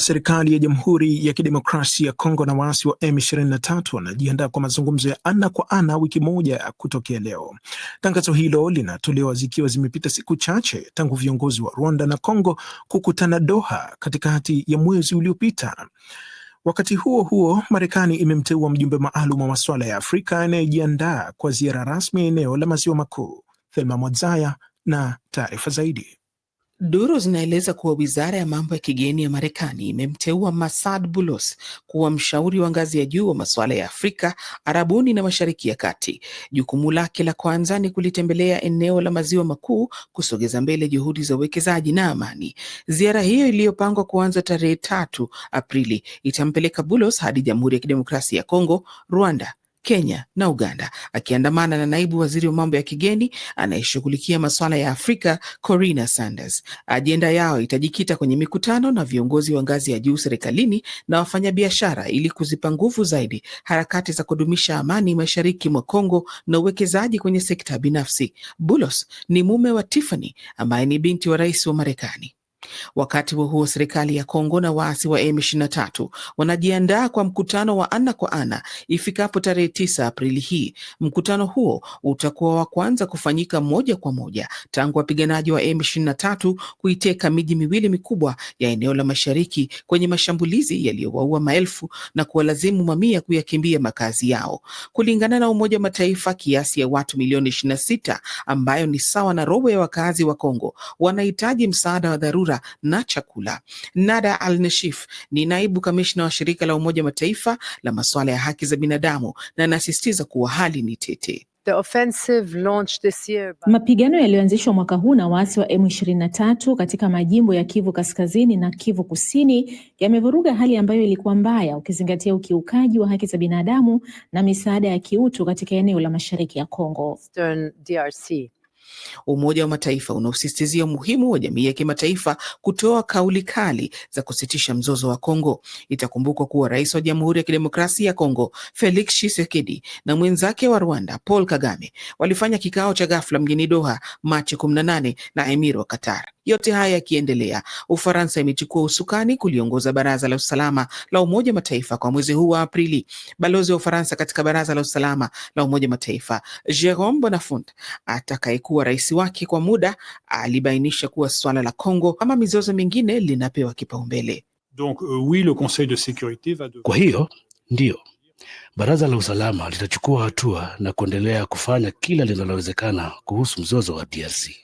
Serikali ya Jamhuri ya Kidemokrasia ya Kongo na waasi wa M23 wanajiandaa kwa mazungumzo ya ana kwa ana wiki moja kutokea leo. Tangazo hilo linatolewa zikiwa zimepita siku chache tangu viongozi wa Rwanda na Kongo kukutana Doha katikati ya mwezi uliopita. Wakati huo huo, Marekani imemteua mjumbe maalum wa masuala ya Afrika anayejiandaa kwa ziara rasmi ya eneo la maziwa makuu. Thelma Mwadzaya na taarifa zaidi. Duru zinaeleza kuwa wizara ya mambo ya kigeni ya Marekani imemteua Masad Bulos kuwa mshauri wa ngazi ya juu wa masuala ya Afrika, Arabuni na Mashariki ya Kati. Jukumu lake la kwanza ni kulitembelea eneo la Maziwa Makuu, kusogeza mbele juhudi za uwekezaji na amani. Ziara hiyo iliyopangwa kuanza tarehe tatu Aprili itampeleka Bulos hadi Jamhuri ya Kidemokrasia ya Kongo, Rwanda, Kenya na Uganda, akiandamana na naibu waziri wa mambo ya kigeni anayeshughulikia masuala ya Afrika Corina Sanders. Ajenda yao itajikita kwenye mikutano na viongozi wa ngazi ya juu serikalini na wafanyabiashara ili kuzipa nguvu zaidi harakati za kudumisha amani mashariki mwa Kongo na uwekezaji kwenye sekta binafsi. Bulos ni mume wa Tiffany ambaye ni binti wa rais wa Marekani. Wakati huo huo, serikali ya Kongo na waasi wa M23 wanajiandaa kwa mkutano wa ana kwa ana ifikapo tarehe 9 Aprili hii. Mkutano huo utakuwa wa kwanza kufanyika moja kwa moja tangu wapiganaji wa M23 kuiteka miji miwili mikubwa ya eneo la mashariki kwenye mashambulizi yaliyowaua maelfu na kuwalazimu mamia kuyakimbia makazi yao. Kulingana na Umoja wa Mataifa, kiasi ya watu milioni 26 ambayo ni sawa na robo ya wakazi wa Kongo wanahitaji msaada wa dharura na chakula. Nada Al-Nashif ni naibu kamishna wa shirika la Umoja Mataifa la masuala ya haki za binadamu na anasisitiza kuwa hali ni tete. The offensive this year by... Mapigano yaliyoanzishwa mwaka huu na waasi wa M23 katika majimbo ya Kivu Kaskazini na Kivu Kusini yamevuruga hali ambayo ilikuwa mbaya ukizingatia ukiukaji wa haki za binadamu na misaada ya kiutu katika eneo la Mashariki ya Kongo. Eastern DRC. Umoja wa Mataifa unaosistizia umuhimu wa jamii ya kimataifa kutoa kauli kali za kusitisha mzozo wa Kongo. Itakumbukwa kuwa rais wa Jamhuri ya Kidemokrasia ya Kongo Felix Tshisekedi na mwenzake wa Rwanda Paul Kagame walifanya kikao cha ghafla mjini Doha Machi 18 na emir wa Qatar. Yote haya yakiendelea, Ufaransa imechukua usukani kuliongoza baraza la usalama la Umoja Mataifa kwa mwezi huu wa Aprili. Balozi wa Ufaransa katika baraza la usalama la Umoja Mataifa Jerome Bonafont, atakayekuwa rais wake kwa muda, alibainisha kuwa suala la Kongo ama mizozo mingine linapewa kipaumbele. Donc, euh, oui, le conseil de va de... Kwa hiyo ndiyo baraza la usalama litachukua hatua na kuendelea kufanya kila linalowezekana kuhusu mzozo wa DRC.